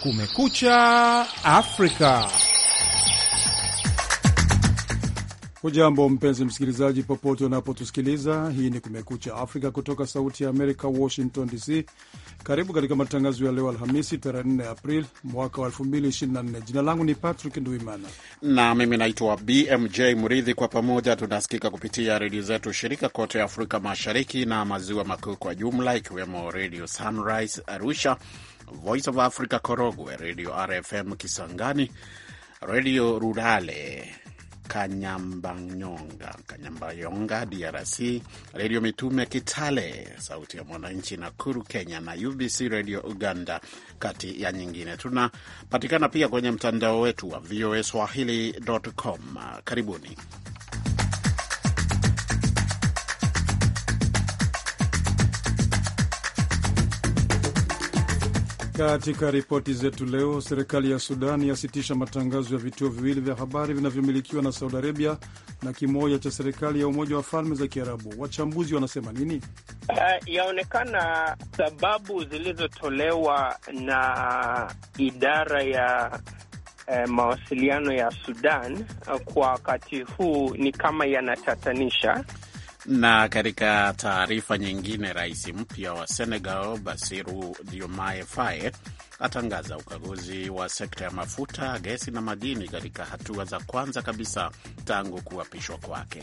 Kumekucha Afrika. Hujambo mpenzi msikilizaji, popote unapotusikiliza. Hii ni Kumekucha Afrika kutoka Sauti ya Amerika, Washington DC. Karibu katika matangazo ya leo Alhamisi 4 april mwaka wa 2024. Jina langu ni Patrick Nduimana na mimi naitwa BMJ Mridhi. Kwa pamoja tunasikika kupitia redio zetu shirika kote Afrika Mashariki na Maziwa Makuu kwa jumla, ikiwemo Redio Sunrise Arusha, Voice of Africa Korogwe, Radio RFM Kisangani, Radio Rurale Kanyambanyonga, Kanyambayonga DRC, Redio Mitume Kitale, Sauti ya Mwananchi Nakuru Kenya na UBC Redio Uganda, kati ya nyingine. Tunapatikana pia kwenye mtandao wetu wa VOA Swahili.com. Karibuni. Katika ripoti zetu leo, serikali ya Sudan yasitisha matangazo ya vituo viwili vya habari vinavyomilikiwa na Saudi Arabia na kimoja cha serikali ya Umoja wa Falme za Kiarabu. Wachambuzi wanasema nini? Uh, yaonekana sababu zilizotolewa na idara ya uh, mawasiliano ya Sudan uh, kwa wakati huu ni kama yanatatanisha na katika taarifa nyingine, rais mpya wa Senegal Basiru Diomaye Faye atangaza ukaguzi wa sekta ya mafuta, gesi na madini katika hatua za kwanza kabisa tangu kuapishwa kwake.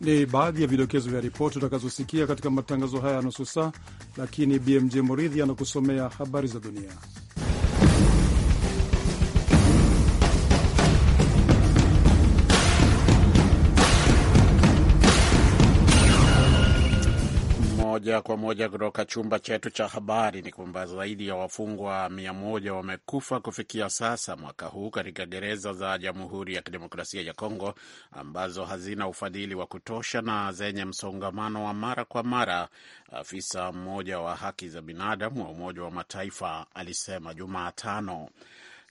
Ni baadhi ya vidokezo vya ripoti utakazosikia katika matangazo haya ya nusu saa, lakini BMJ Muridhi anakusomea habari za dunia. Moja kwa moja kutoka chumba chetu cha habari ni kwamba zaidi ya wafungwa mia moja wamekufa kufikia sasa mwaka huu katika gereza za Jamhuri ya Kidemokrasia ya Kongo ambazo hazina ufadhili wa kutosha na zenye msongamano wa mara kwa mara, afisa mmoja wa haki za binadamu wa Umoja wa Mataifa alisema Jumatano.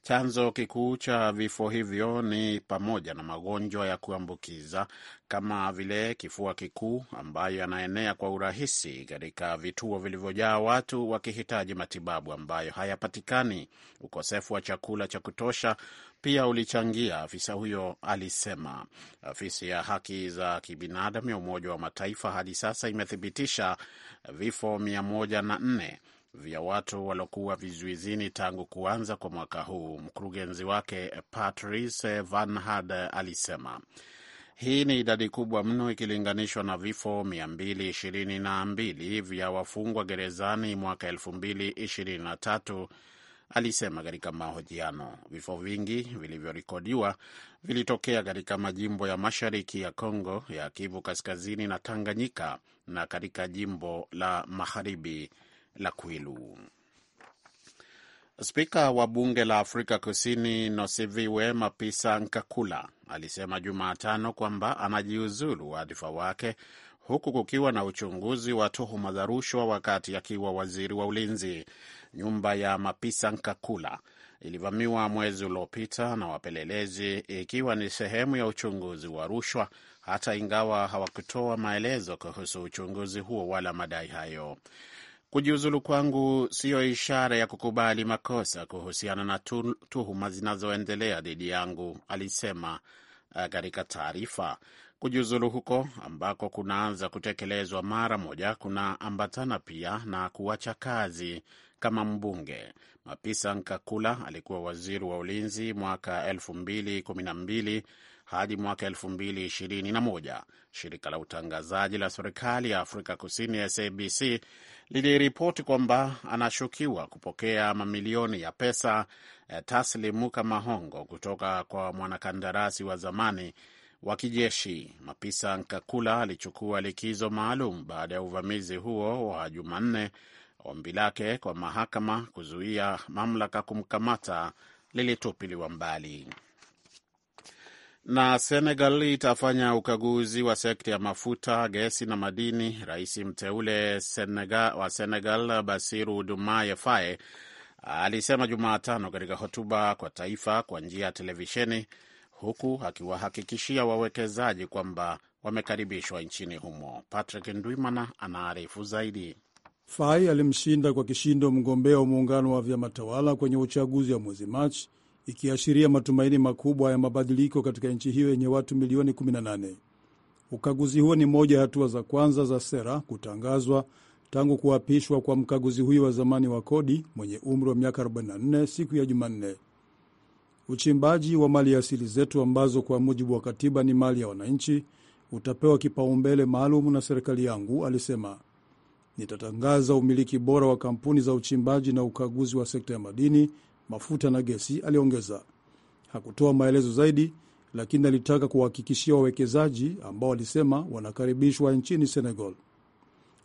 Chanzo kikuu cha vifo hivyo ni pamoja na magonjwa ya kuambukiza kama vile kifua kikuu ambayo yanaenea kwa urahisi katika vituo vilivyojaa watu wakihitaji matibabu ambayo hayapatikani. Ukosefu wa chakula cha kutosha pia ulichangia, afisa huyo alisema. Afisi ya haki za kibinadamu ya Umoja wa Mataifa hadi sasa imethibitisha vifo mia moja na nne vya watu waliokuwa vizuizini tangu kuanza kwa mwaka huu. Mkurugenzi wake Patrice Van Hard alisema hii ni idadi kubwa mno ikilinganishwa na vifo 222 vya wafungwa gerezani mwaka 2023. Alisema katika mahojiano, vifo vingi vilivyorekodiwa vilitokea katika majimbo ya mashariki ya congo ya Kivu Kaskazini na Tanganyika na katika jimbo la magharibi la Kwilu. Spika wa bunge la Afrika Kusini Nosiviwe Mapisa Nkakula alisema Jumatano kwamba anajiuzulu wadhifa wake huku kukiwa na uchunguzi wa tuhuma za rushwa wakati akiwa waziri wa ulinzi. Nyumba ya Mapisa Nkakula ilivamiwa mwezi uliopita na wapelelezi ikiwa ni sehemu ya uchunguzi wa rushwa, hata ingawa hawakutoa maelezo kuhusu uchunguzi huo wala madai hayo. Kujiuzulu kwangu siyo ishara ya kukubali makosa kuhusiana na tuhuma zinazoendelea dhidi yangu, alisema eh, katika taarifa. Kujiuzulu huko ambako kunaanza kutekelezwa mara moja kunaambatana pia na kuacha kazi kama mbunge. Mapisa Nkakula alikuwa waziri wa ulinzi mwaka elfu mbili kumi na mbili hadi mwaka 2021. Shirika la utangazaji la serikali ya Afrika Kusini SABC liliripoti kwamba anashukiwa kupokea mamilioni ya pesa eh, taslimu kama hongo kutoka kwa mwanakandarasi wa zamani wa kijeshi Mapisa Nkakula alichukua likizo maalum baada ya uvamizi huo wa Jumanne. Ombi lake kwa mahakama kuzuia mamlaka kumkamata lilitupiliwa mbali. Na Senegal itafanya ukaguzi wa sekta ya mafuta, gesi na madini. Rais mteule Senegal, wa Senegal Basiru dumaye Faye alisema Jumatano katika hotuba kwa taifa kwa njia ya televisheni, huku akiwahakikishia wawekezaji kwamba wamekaribishwa nchini humo. Patrick Ndwimana anaarifu zaidi. Fai alimshinda kwa kishindo mgombea wa muungano wa vyama tawala kwenye uchaguzi wa mwezi Machi ikiashiria matumaini makubwa ya mabadiliko katika nchi hiyo yenye watu milioni 18. Ukaguzi huo ni moja ya hatua za kwanza za sera kutangazwa tangu kuapishwa kwa mkaguzi huyo wa zamani wa kodi mwenye umri wa miaka 44 siku ya Jumanne. Uchimbaji wa mali asili zetu ambazo kwa mujibu wa katiba ni mali ya wananchi utapewa kipaumbele maalum na serikali yangu, alisema. Nitatangaza umiliki bora wa kampuni za uchimbaji na ukaguzi wa sekta ya madini mafuta na gesi, aliongeza. Hakutoa maelezo zaidi, lakini alitaka kuwahakikishia wawekezaji ambao walisema wanakaribishwa nchini Senegal.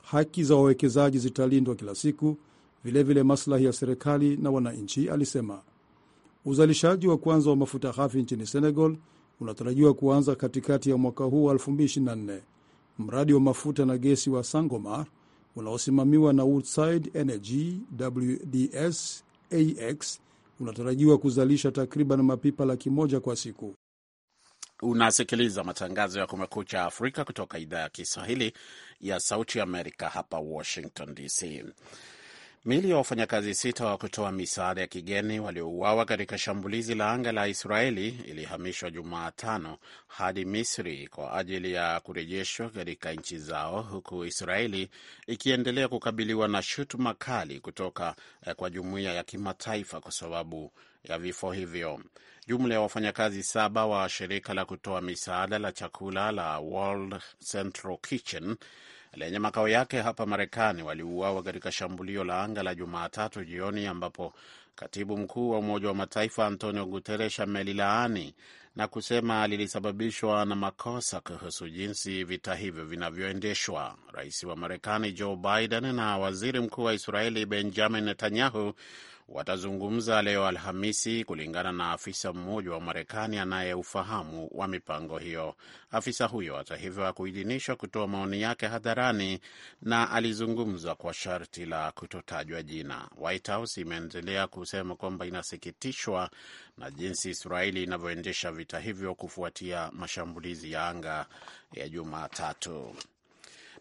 Haki za wawekezaji zitalindwa kila siku, vilevile maslahi ya serikali na wananchi, alisema. Uzalishaji wa kwanza wa mafuta ghafi nchini Senegal unatarajiwa kuanza katikati ya mwaka huu wa 2024. Mradi wa mafuta na gesi wa Sangomar unaosimamiwa na Woodside Energy WDS AX unatarajiwa kuzalisha takriban mapipa laki moja kwa siku. Unasikiliza matangazo ya Kumekucha Afrika kutoka idhaa ya Kiswahili ya Sauti Amerika hapa Washington DC. Miili ya wafanyakazi sita wa kutoa misaada ya kigeni waliouawa katika shambulizi la anga la Israeli ilihamishwa Jumatano hadi Misri kwa ajili ya kurejeshwa katika nchi zao, huku Israeli ikiendelea kukabiliwa na shutuma kali kutoka eh, kwa jumuiya ya kimataifa kwa sababu ya vifo hivyo. Jumla ya wafanyakazi saba wa shirika la kutoa misaada la chakula la World Central Kitchen lenye makao yake hapa Marekani waliuawa katika shambulio la anga la Jumatatu jioni ambapo katibu mkuu wa Umoja wa Mataifa Antonio Guterres amelilaani na kusema lilisababishwa na makosa kuhusu jinsi vita hivyo vinavyoendeshwa. Rais wa Marekani Joe Biden na waziri mkuu wa Israeli Benjamin Netanyahu watazungumza leo Alhamisi, kulingana na afisa mmoja wa Marekani anayeufahamu wa mipango hiyo. Afisa huyo hata hivyo hakuidhinishwa kutoa maoni yake hadharani na alizungumza kwa sharti la kutotajwa jina. White House imeendelea kusema kwamba inasikitishwa na jinsi Israeli inavyoendesha vita hivyo kufuatia mashambulizi ya anga ya Jumatatu.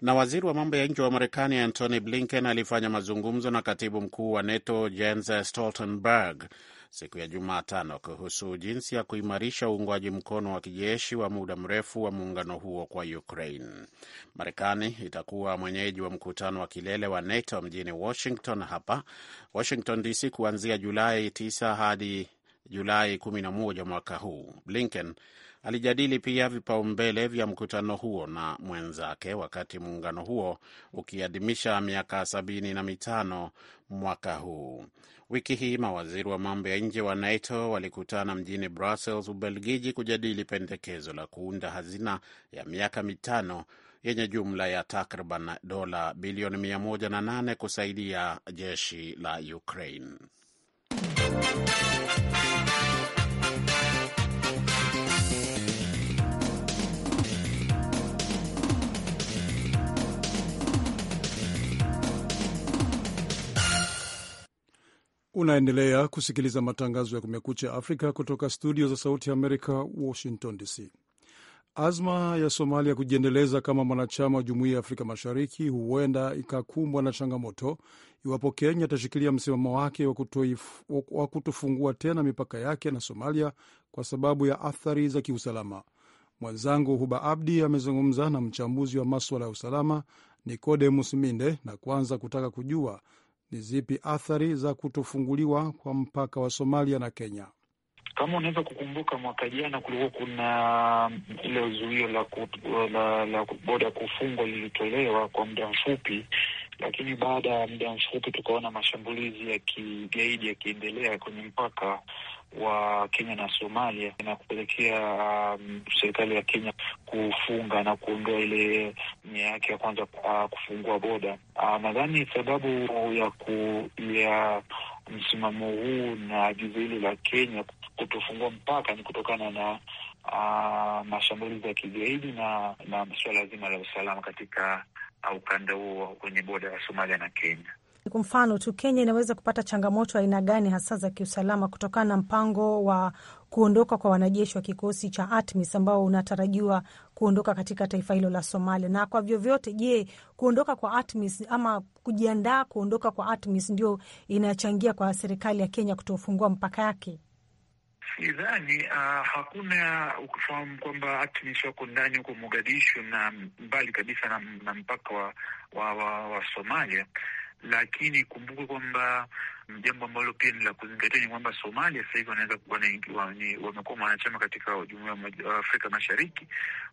Na waziri wa mambo ya nje wa Marekani Antony Blinken alifanya mazungumzo na katibu mkuu wa NATO Jens Stoltenberg siku ya Jumatano kuhusu jinsi ya kuimarisha uungwaji mkono wa kijeshi wa muda mrefu wa muungano huo kwa Ukraine. Marekani itakuwa mwenyeji wa mkutano wa kilele wa NATO mjini Washington hapa Washington DC kuanzia Julai 9 hadi Julai 11 mwaka huu. Blinken Alijadili pia vipaumbele vya mkutano huo na mwenzake wakati muungano huo ukiadhimisha miaka sabini na mitano mwaka huu. Wiki hii mawaziri wa mambo ya nje wa NATO walikutana mjini Brussels, Ubelgiji, kujadili pendekezo la kuunda hazina ya miaka mitano yenye jumla ya takriban dola bilioni 108 kusaidia jeshi la Ukraine. Unaendelea kusikiliza matangazo ya Kumekucha Afrika kutoka studio za Sauti ya Amerika, Washington DC. Azma ya Somalia kujiendeleza kama mwanachama wa Jumuiya ya Afrika Mashariki huenda ikakumbwa na changamoto iwapo Kenya itashikilia msimamo wake wa kutofungua tena mipaka yake na Somalia kwa sababu ya athari za kiusalama. Mwenzangu Huba Abdi amezungumza na mchambuzi wa maswala ya usalama Nikodemus Minde na kwanza kutaka kujua ni zipi athari za kutofunguliwa kwa mpaka wa Somalia na Kenya? Kama unaweza kukumbuka, mwaka jana kulikuwa kuna um, ile zuio la, la, la boda kufungwa lilitolewa kwa muda mfupi, lakini baada ya muda mfupi tukaona mashambulizi ya kigaidi yakiendelea kwenye mpaka wa Kenya na Somalia na kupelekea um, serikali ya Kenya kufunga na kuondoa ile nia yake ya kwanza uh, kufungua boda uh, nadhani sababu ya ku, ya msimamo huu na agizo hili la Kenya kutofungua mpaka ni kutokana na uh, mashambulizi ya kigaidi na na suala zima la usalama katika uh, ukanda huo kwenye boda ya Somalia na Kenya. Kwa mfano tu, Kenya inaweza kupata changamoto aina gani hasa za kiusalama kutokana na mpango wa kuondoka kwa wanajeshi wa kikosi cha ATMIS ambao unatarajiwa kuondoka katika taifa hilo la Somalia. Na kwa vyovyote, je, kuondoka kwa ATMIS ama kujiandaa kuondoka kwa ATMIS ndio inachangia kwa serikali ya Kenya kutofungua mpaka yake? Sidhani uh, hakuna ukifahamu kwamba ATMIS wako ndani huko Mogadishu na mbali kabisa na, na mpaka wa, wa, wa, wa Somalia lakini kumbuke kwamba jambo ambalo pia ni la kuzingatia ni kwamba Somalia sasa hivi wanaweza wamekuwa mwanachama katika jumuiya ya Afrika Mashariki.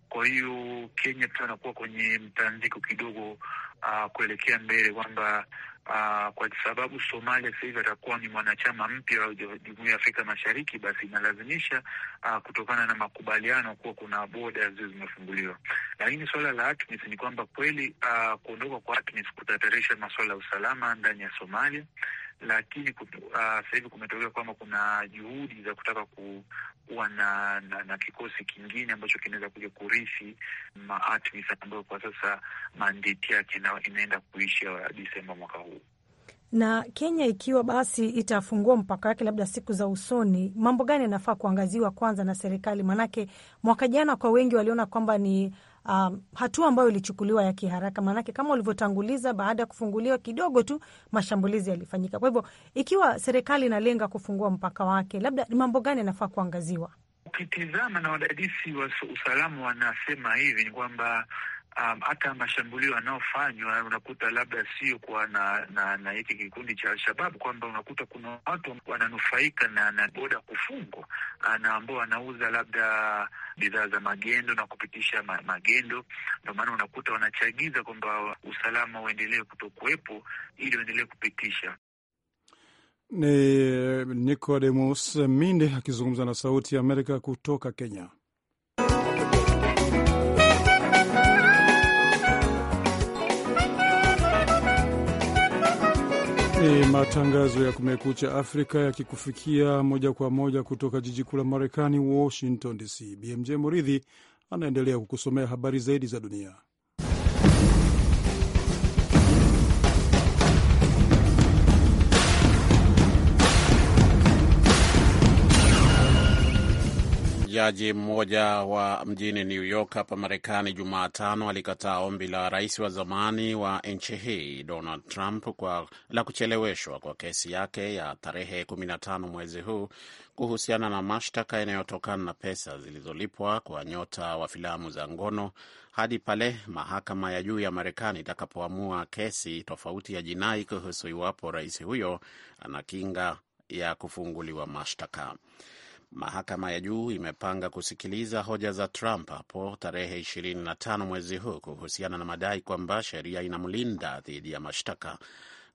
Kwa hiyo Kenya pia wanakuwa kwenye mtanziko kidogo, uh, kuelekea mbele kwamba Uh, kwa sababu Somalia sasa hivi atakuwa ni mwanachama mpya wa Jumuiya ya Afrika Mashariki, basi inalazimisha uh, kutokana na makubaliano kuwa kuna boda zio zimefunguliwa. Lakini suala la ATMIS ni kwamba kweli uh, kuondoka kwa ATMIS kutatarisha masuala ya usalama ndani ya Somalia lakini uh, sasa hivi kumetokea kwamba kuna juhudi za kutaka kuwa na, na, na kikosi kingine ambacho kinaweza kuja kurithi maatmis ambayo kwa sasa mandeti yake inaenda kuisha Desemba mwaka huu na Kenya ikiwa basi itafungua mpaka wake labda siku za usoni, mambo gani yanafaa kuangaziwa kwanza na serikali? Maanake mwaka jana kwa wengi waliona kwamba ni um, hatua ambayo ilichukuliwa ya kiharaka, maanake kama ulivyotanguliza, baada ya kufunguliwa kidogo tu mashambulizi yalifanyika. Kwa hivyo ikiwa serikali inalenga kufungua mpaka wake, labda ni mambo gani yanafaa kuangaziwa? Ukitizama na wadadisi wa usalama wanasema hivi ni kwamba hata mashambulio yanayofanywa unakuta labda sio kuwa na na, na hiki kikundi cha Alshababu, kwamba unakuta kuna watu wananufaika na na boda kufungwa ah, na ambao wanauza labda bidhaa za magendo na kupitisha ma, magendo. Ndio maana unakuta wanachagiza kwamba usalama uendelee kutokuwepo ili uendelee kupitisha. Ni Nicodemus Minde akizungumza na Sauti ya Amerika kutoka Kenya. ni matangazo ya Kumekucha Afrika yakikufikia moja kwa moja kutoka jiji kuu la Marekani, Washington DC. BMJ Muridhi anaendelea kukusomea habari zaidi za dunia. Jaji mmoja wa mjini New York hapa Marekani Jumatano alikataa ombi la rais wa zamani wa nchi hii Donald Trump kwa la kucheleweshwa kwa kesi yake ya tarehe 15 mwezi huu kuhusiana na mashtaka yanayotokana na pesa zilizolipwa kwa nyota wa filamu za ngono hadi pale mahakama ya juu ya Marekani itakapoamua kesi tofauti ya jinai kuhusu iwapo rais huyo ana kinga ya kufunguliwa mashtaka. Mahakama ya juu imepanga kusikiliza hoja za Trump hapo tarehe 25 mwezi huu kuhusiana na madai kwamba sheria inamlinda dhidi ya mashtaka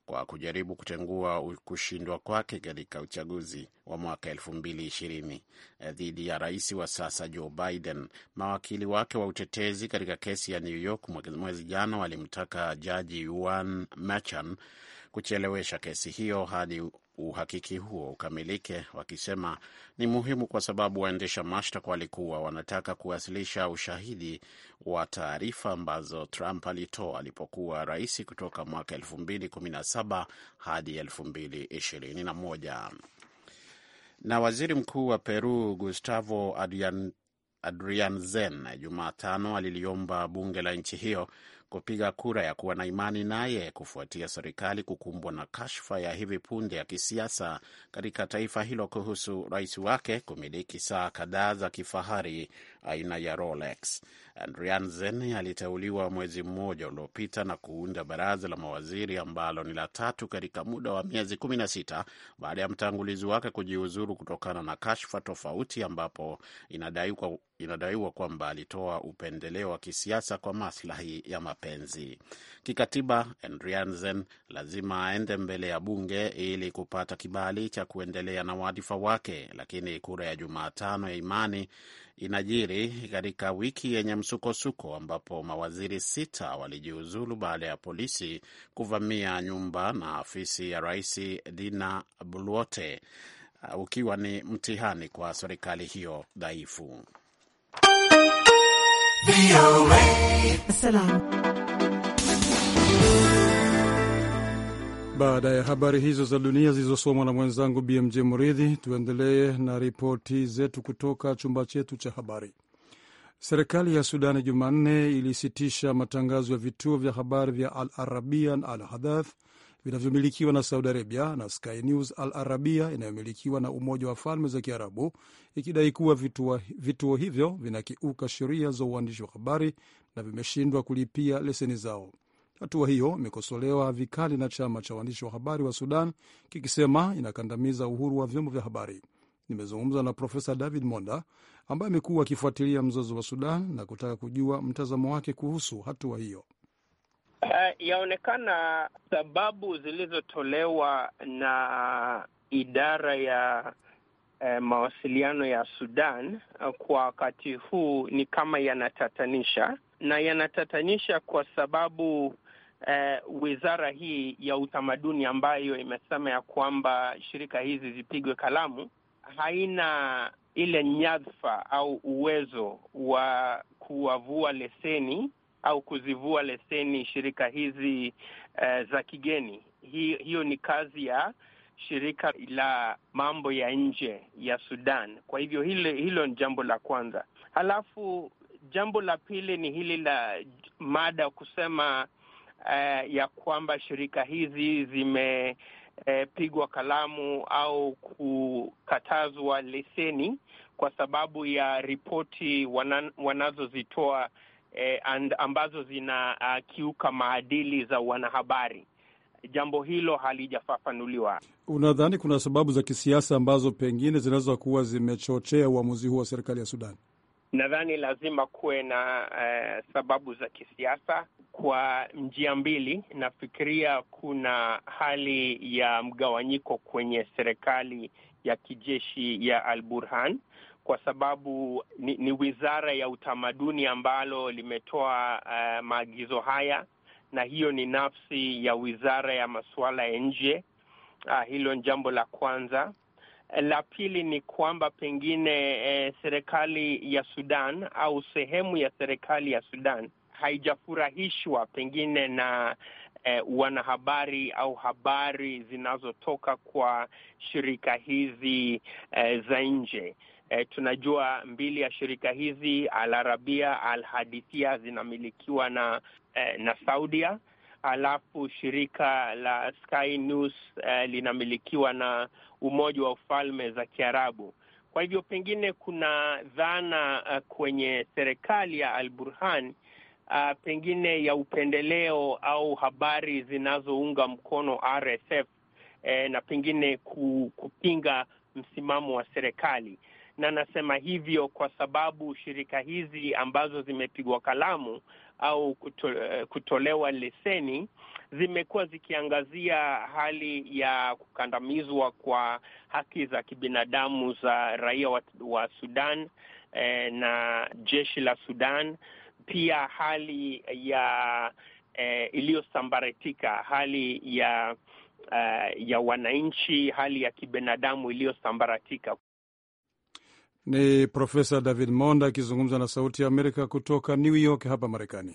kwa kujaribu kutengua kushindwa kwake katika uchaguzi wa mwaka 2020 e, dhidi ya rais wa sasa Joe Biden. Mawakili wake wa utetezi katika kesi ya New York mwezi jana walimtaka jaji Juan Merchan kuchelewesha kesi hiyo hadi uhakiki huo ukamilike, wakisema ni muhimu kwa sababu waendesha mashtaka walikuwa wanataka kuwasilisha ushahidi wa taarifa ambazo Trump alitoa alipokuwa rais kutoka mwaka 2017 hadi 2021. Na waziri mkuu wa Peru Gustavo Adrian Adrianzen Jumatano aliliomba bunge la nchi hiyo kupiga kura ya kuwa na imani naye kufuatia serikali kukumbwa na kashfa ya hivi punde ya kisiasa katika taifa hilo kuhusu rais wake kumiliki saa kadhaa za kifahari aina ya Rolex. Zen aliteuliwa mwezi mmoja uliopita na kuunda baraza la mawaziri ambalo ni la tatu katika muda wa miezi kumi na sita baada ya mtangulizi wake kujiuzuru kutokana na kashfa tofauti, ambapo inadaiwa inadaiwa kwamba alitoa upendeleo wa kisiasa kwa maslahi ya mapenzi. Kikatiba, andrianzen lazima aende mbele ya bunge ili kupata kibali cha kuendelea na wadhifa wake, lakini kura ya Jumatano ya imani inajiri katika wiki yenye msukosuko ambapo mawaziri sita walijiuzulu baada ya polisi kuvamia nyumba na afisi ya Rais Dina Bulwote, uh, ukiwa ni mtihani kwa serikali hiyo dhaifu. Baada ya habari hizo za dunia zilizosomwa na mwenzangu BMJ Muridhi, tuendelee na ripoti zetu kutoka chumba chetu cha habari. Serikali ya Sudani Jumanne ilisitisha matangazo ya vituo vya habari vya Al Arabia na Al Hadath vinavyomilikiwa na Saudi Arabia na Sky News Al Arabia inayomilikiwa na Umoja wa Falme za Kiarabu, ikidai kuwa vituo, vituo hivyo vinakiuka sheria za uandishi wa habari na vimeshindwa kulipia leseni zao. Hatua hiyo imekosolewa vikali na chama cha waandishi wa habari wa Sudan kikisema inakandamiza uhuru wa vyombo vya habari. Nimezungumza na Profesa David Monda ambaye amekuwa akifuatilia mzozo wa Sudan na kutaka kujua mtazamo wake kuhusu hatua hiyo. Uh, yaonekana sababu zilizotolewa na idara ya eh, mawasiliano ya Sudan eh, kwa wakati huu ni kama yanatatanisha na yanatatanisha kwa sababu eh, wizara hii ya utamaduni ambayo imesema ya kwamba shirika hizi zipigwe kalamu haina ile nyadhifa au uwezo wa kuwavua leseni au kuzivua leseni shirika hizi eh, za kigeni. Hi, hiyo ni kazi ya shirika la mambo ya nje ya Sudan. Kwa hivyo hilo, hilo ni jambo la kwanza. Halafu jambo la pili ni hili la mada kusema eh, ya kwamba shirika hizi zimepigwa eh, kalamu au kukatazwa leseni kwa sababu ya ripoti wanazozitoa eh, and, ambazo zinakiuka ah, uh, maadili za wanahabari. Jambo hilo halijafafanuliwa. Unadhani kuna sababu za kisiasa ambazo pengine zinaweza kuwa zimechochea uamuzi huu wa serikali ya Sudan? Nadhani lazima kuwe na uh, sababu za kisiasa kwa njia mbili. Nafikiria kuna hali ya mgawanyiko kwenye serikali ya kijeshi ya Al Burhan kwa sababu ni, ni wizara ya utamaduni ambalo limetoa uh, maagizo haya na hiyo ni nafsi ya wizara ya masuala ya nje. Uh, hilo ni jambo la kwanza. La pili ni kwamba pengine eh, serikali ya Sudan au sehemu ya serikali ya Sudan haijafurahishwa pengine na eh, wanahabari au habari zinazotoka kwa shirika hizi eh, za nje. E, tunajua mbili ya shirika hizi Al Arabia, Al Hadithia zinamilikiwa na e, na Saudia alafu shirika la Sky News eh, linamilikiwa na Umoja wa ufalme za Kiarabu. Kwa hivyo pengine kuna dhana uh, kwenye serikali ya Al Burhan uh, eh, pengine ya upendeleo au habari zinazounga mkono RSF eh, na pengine kupinga msimamo wa serikali na nasema hivyo kwa sababu shirika hizi ambazo zimepigwa kalamu au eh, kutolewa leseni zimekuwa zikiangazia hali ya kukandamizwa kwa haki za kibinadamu za raia wa, wa Sudan eh, na jeshi la Sudan, pia hali ya eh, iliyosambaratika hali ya Uh, ya wananchi hali ya kibinadamu iliyosambaratika. Ni Profesa David Monda akizungumza na Sauti ya Amerika kutoka New York hapa Marekani.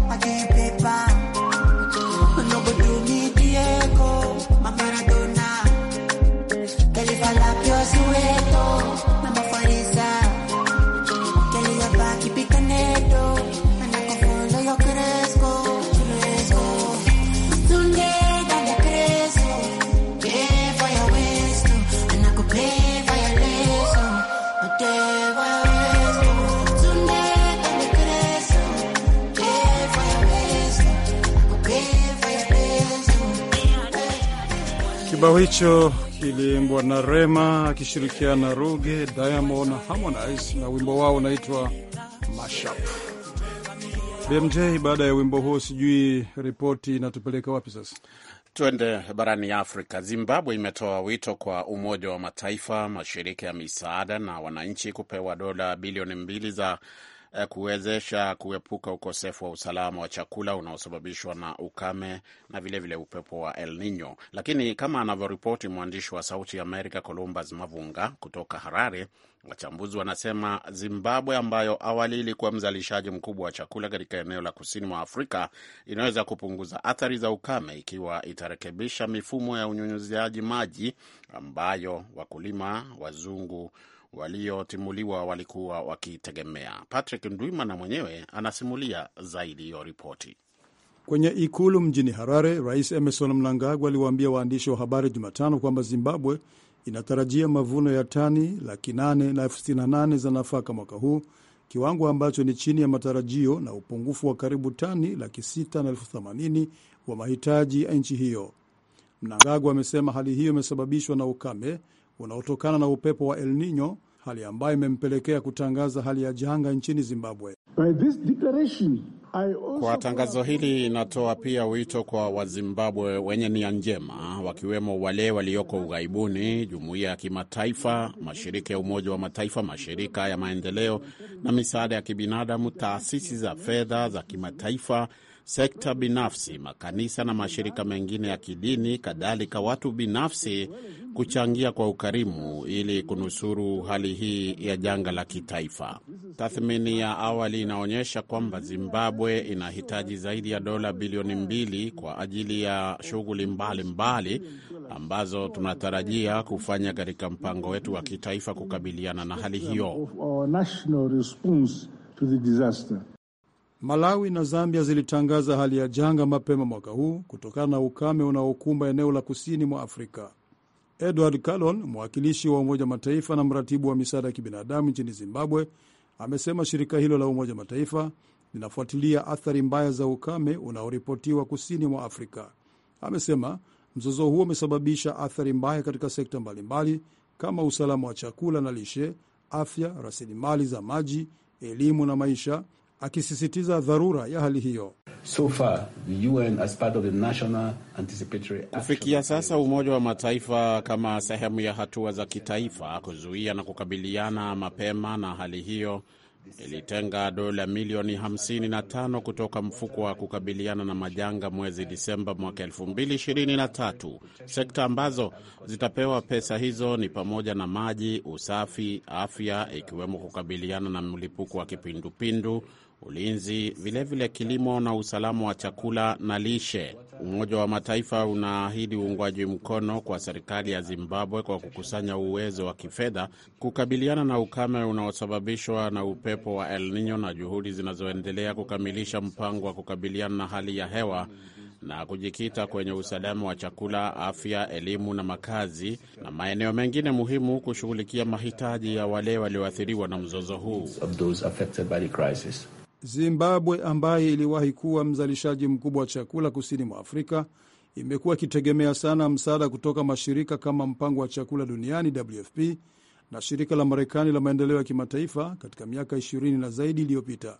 Kibao hicho kiliimbwa na Rema akishirikiana na Ruge, Diamond na Harmonize, na wimbo wao unaitwa Mashup. BMJ, baada ya wimbo huo, sijui ripoti inatupeleka wapi sasa? Tuende barani Afrika. Zimbabwe imetoa wito kwa Umoja wa Mataifa, mashirika ya misaada na wananchi kupewa dola bilioni mbili za Eh, kuwezesha kuepuka ukosefu wa usalama wa chakula unaosababishwa na ukame na vilevile vile upepo wa El Nino. Lakini kama anavyoripoti mwandishi wa Sauti ya Amerika Columbus Mavunga kutoka Harare, Wachambuzi wanasema Zimbabwe ambayo awali ilikuwa mzalishaji mkubwa wa chakula katika eneo la kusini mwa Afrika inaweza kupunguza athari za ukame ikiwa itarekebisha mifumo ya unyunyuziaji maji ambayo wakulima wazungu waliotimuliwa walikuwa wakitegemea. Patrick Ndwimana mwenyewe anasimulia zaidi hiyo ripoti. Kwenye ikulu mjini Harare, Rais Emerson Mnangagwa aliwaambia waandishi wa habari Jumatano kwamba Zimbabwe inatarajia mavuno ya tani laki nane na elfu sitini na nane za nafaka mwaka huu, kiwango ambacho ni chini ya matarajio na upungufu wa karibu tani laki sita na elfu themanini wa mahitaji ya nchi hiyo. Mnangagwa amesema hali hiyo imesababishwa na ukame unaotokana na upepo wa El Nino, hali ambayo imempelekea kutangaza hali ya janga nchini Zimbabwe. By this declaration kwa tangazo hili inatoa pia wito kwa Wazimbabwe wenye nia njema, wakiwemo wale walioko ughaibuni, jumuiya ya kimataifa, mashirika ya Umoja wa Mataifa, mashirika ya maendeleo na misaada ya kibinadamu, taasisi za fedha za kimataifa sekta binafsi, makanisa na mashirika mengine ya kidini, kadhalika watu binafsi kuchangia kwa ukarimu ili kunusuru hali hii ya janga la kitaifa. Tathmini ya awali inaonyesha kwamba Zimbabwe inahitaji zaidi ya dola bilioni mbili kwa ajili ya shughuli mbalimbali ambazo tunatarajia kufanya katika mpango wetu wa kitaifa kukabiliana na hali hiyo. Malawi na Zambia zilitangaza hali ya janga mapema mwaka huu kutokana na ukame unaokumba eneo la kusini mwa Afrika. Edward Callon, mwakilishi wa Umoja Mataifa na mratibu wa misaada ya kibinadamu nchini Zimbabwe, amesema shirika hilo la Umoja Mataifa linafuatilia athari mbaya za ukame unaoripotiwa kusini mwa Afrika. Amesema mzozo huo umesababisha athari mbaya katika sekta mbalimbali kama usalama wa chakula na lishe, afya, rasilimali za maji, elimu na maisha akisisitiza dharura ya hali hiyo. So far, the UN as part of the national anticipatory... Kufikia sasa Umoja wa Mataifa kama sehemu ya hatua za kitaifa kuzuia na kukabiliana mapema na hali hiyo ilitenga dola milioni 55 kutoka mfuko wa kukabiliana na majanga mwezi Disemba mwaka 2023. Sekta ambazo zitapewa pesa hizo ni pamoja na maji, usafi, afya, ikiwemo kukabiliana na mlipuko wa kipindupindu, ulinzi, vilevile vile kilimo na usalama wa chakula na lishe. Umoja wa Mataifa unaahidi uungwaji mkono kwa serikali ya Zimbabwe kwa kukusanya uwezo wa kifedha kukabiliana na ukame unaosababishwa na upepo wa El Nino na juhudi zinazoendelea kukamilisha mpango wa kukabiliana na hali ya hewa na kujikita kwenye usalama wa chakula, afya, elimu na makazi na maeneo mengine muhimu kushughulikia mahitaji ya wale walioathiriwa na mzozo huu. Zimbabwe ambaye iliwahi kuwa mzalishaji mkubwa wa chakula kusini mwa Afrika imekuwa ikitegemea sana msaada kutoka mashirika kama mpango wa chakula duniani WFP na shirika la Marekani la maendeleo ya kimataifa katika miaka ishirini na zaidi iliyopita.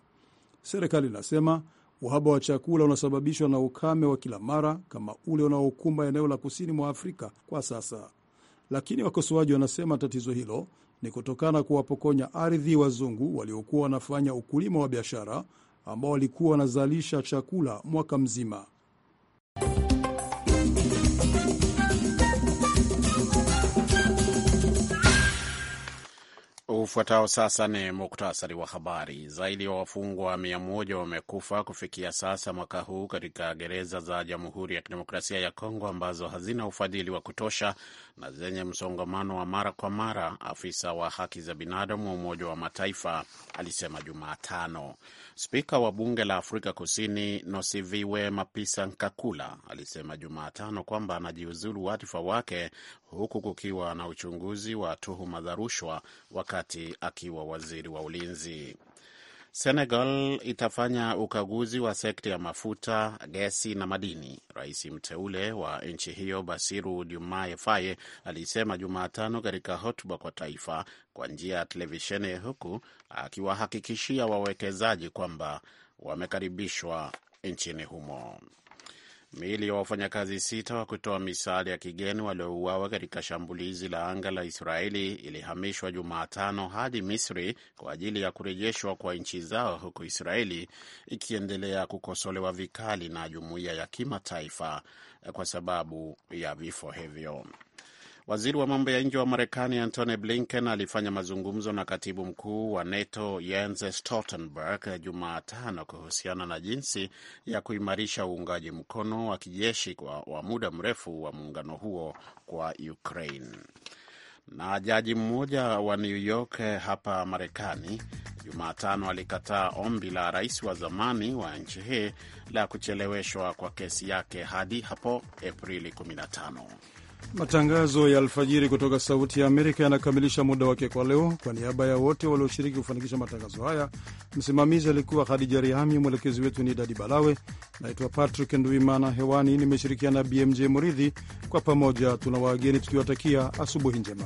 Serikali inasema uhaba wa chakula unasababishwa na ukame wa kila mara kama ule unaokumba eneo la kusini mwa Afrika kwa sasa, lakini wakosoaji wanasema tatizo hilo ni kutokana kuwapokonya ardhi wazungu waliokuwa wanafanya ukulima wa biashara ambao walikuwa wanazalisha chakula mwaka mzima. Ufuatao sasa ni muktasari wa habari. Zaidi ya wafungwa mia moja wamekufa kufikia sasa mwaka huu katika gereza za Jamhuri ya Kidemokrasia ya Kongo ambazo hazina ufadhili wa kutosha na zenye msongamano wa mara kwa mara, afisa wa haki za binadamu wa Umoja wa Mataifa alisema Jumatano. Spika wa Bunge la Afrika Kusini Nosiviwe Mapisa Nkakula alisema Jumatano kwamba anajiuzulu wadhifa wake huku kukiwa na uchunguzi wa tuhuma za rushwa wakati wakati akiwa waziri wa ulinzi. Senegal itafanya ukaguzi wa sekta ya mafuta, gesi na madini. Rais mteule wa nchi hiyo Basiru Diomaye Faye alisema Jumatano katika hotuba kwa taifa kwa njia ya televisheni, huku akiwahakikishia wawekezaji kwamba wamekaribishwa nchini humo. Miili ya wafanyakazi sita wa kutoa misaada ya kigeni waliouawa katika shambulizi la anga la Israeli ilihamishwa Jumatano hadi Misri kwa ajili ya kurejeshwa kwa nchi zao, huku Israeli ikiendelea kukosolewa vikali na jumuiya ya kimataifa kwa sababu ya vifo hivyo. Waziri wa mambo ya nje wa Marekani Antony Blinken alifanya mazungumzo na katibu mkuu wa NATO Jens Stoltenberg Jumatano kuhusiana na jinsi ya kuimarisha uungaji mkono wa kijeshi wa muda mrefu wa muungano huo kwa Ukraine. Na jaji mmoja wa New York eh, hapa Marekani Jumatano alikataa ombi la rais wa zamani wa nchi hii la kucheleweshwa kwa kesi yake hadi hapo Aprili 15. Matangazo ya alfajiri kutoka Sauti ya Amerika yanakamilisha muda wake kwa leo. Kwa niaba ya wote walioshiriki kufanikisha matangazo haya, msimamizi alikuwa Khadija Rihami, mwelekezi wetu ni idadi Balawe. Naitwa Patrick Nduimana, hewani nimeshirikiana na BMJ Muridhi. Kwa pamoja tuna wageni tukiwatakia asubuhi njema.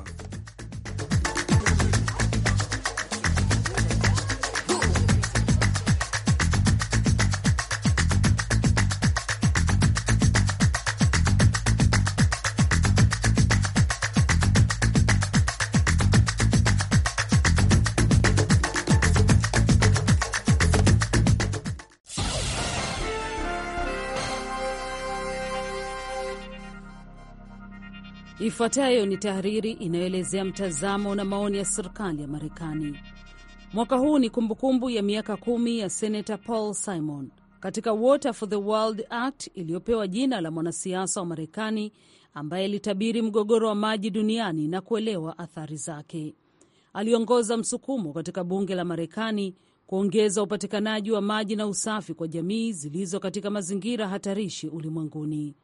Ifuatayo ni tahariri inayoelezea mtazamo na maoni ya serikali ya Marekani. Mwaka huu ni kumbukumbu ya miaka kumi ya Senata Paul Simon katika Water for the World Act iliyopewa jina la mwanasiasa wa Marekani ambaye alitabiri mgogoro wa maji duniani na kuelewa athari zake. Aliongoza msukumo katika bunge la Marekani kuongeza upatikanaji wa maji na usafi kwa jamii zilizo katika mazingira hatarishi ulimwenguni.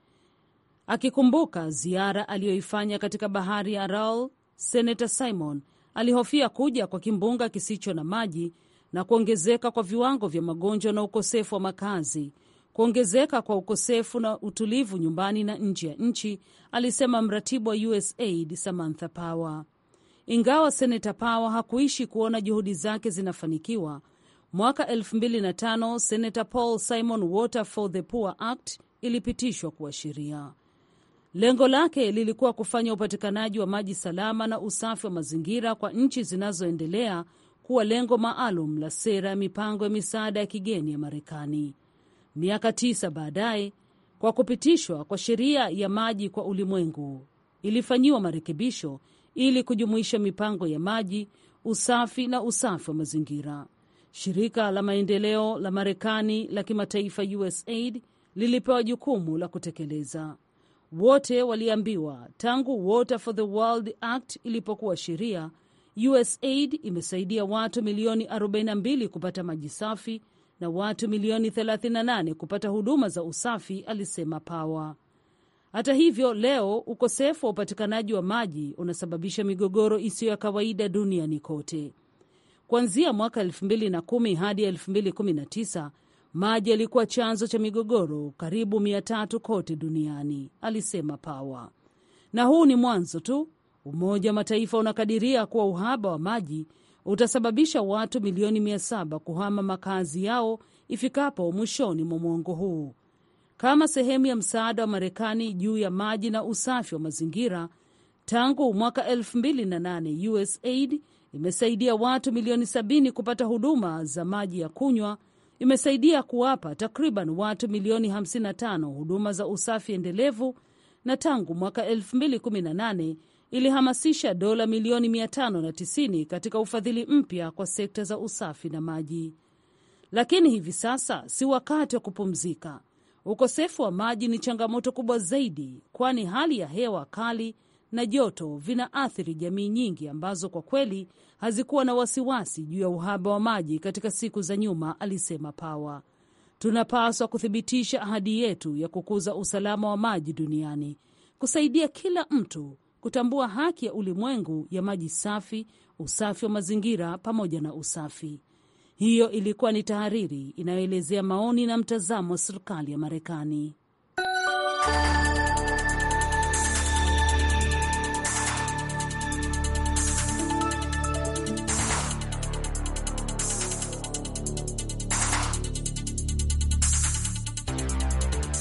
Akikumbuka ziara aliyoifanya katika bahari ya Aral, Senata Simon alihofia kuja kwa kimbunga kisicho na maji na kuongezeka kwa viwango vya magonjwa na ukosefu wa makazi, kuongezeka kwa ukosefu na utulivu nyumbani na nje ya nchi, alisema mratibu wa USAID Samantha Power. Ingawa Senata Power hakuishi kuona juhudi zake zinafanikiwa, mwaka 2005 Senata Paul Simon Water for the Poor Act ilipitishwa kuwa sheria. Lengo lake lilikuwa kufanya upatikanaji wa maji salama na usafi wa mazingira kwa nchi zinazoendelea kuwa lengo maalum la sera ya mipango ya misaada ya kigeni ya Marekani. Miaka tisa baadaye, kwa kupitishwa kwa sheria ya maji kwa ulimwengu, ilifanyiwa marekebisho ili kujumuisha mipango ya maji, usafi na usafi wa mazingira. Shirika la maendeleo la Marekani la kimataifa USAID lilipewa jukumu la kutekeleza. Wote waliambiwa tangu Water for the World Act ilipokuwa sheria, USAID imesaidia watu milioni 42 kupata maji safi na watu milioni 38 kupata huduma za usafi, alisema Power. Hata hivyo, leo ukosefu wa upatikanaji wa maji unasababisha migogoro isiyo ya kawaida duniani kote. Kuanzia mwaka 2010 hadi Maji yalikuwa chanzo cha migogoro karibu mia tatu kote duniani, alisema Pawa. Na huu ni mwanzo tu. Umoja wa Mataifa unakadiria kuwa uhaba wa maji utasababisha watu milioni mia saba kuhama makazi yao ifikapo mwishoni mwa mwongo huu. Kama sehemu ya msaada wa Marekani juu ya maji na usafi wa mazingira, tangu mwaka 2008 USAID imesaidia watu milioni 70 kupata huduma za maji ya kunywa imesaidia kuwapa takriban watu milioni 55 huduma za usafi endelevu na tangu mwaka 2018 ilihamasisha dola milioni 590 katika ufadhili mpya kwa sekta za usafi na maji. Lakini hivi sasa si wakati wa kupumzika. Ukosefu wa maji ni changamoto kubwa zaidi, kwani hali ya hewa kali na joto vinaathiri jamii nyingi ambazo kwa kweli hazikuwa na wasiwasi juu ya uhaba wa maji katika siku za nyuma, alisema Pawa. Tunapaswa kuthibitisha ahadi yetu ya kukuza usalama wa maji duniani, kusaidia kila mtu kutambua haki ya ulimwengu ya maji safi, usafi wa mazingira pamoja na usafi. Hiyo ilikuwa ni tahariri inayoelezea maoni na mtazamo wa serikali ya Marekani.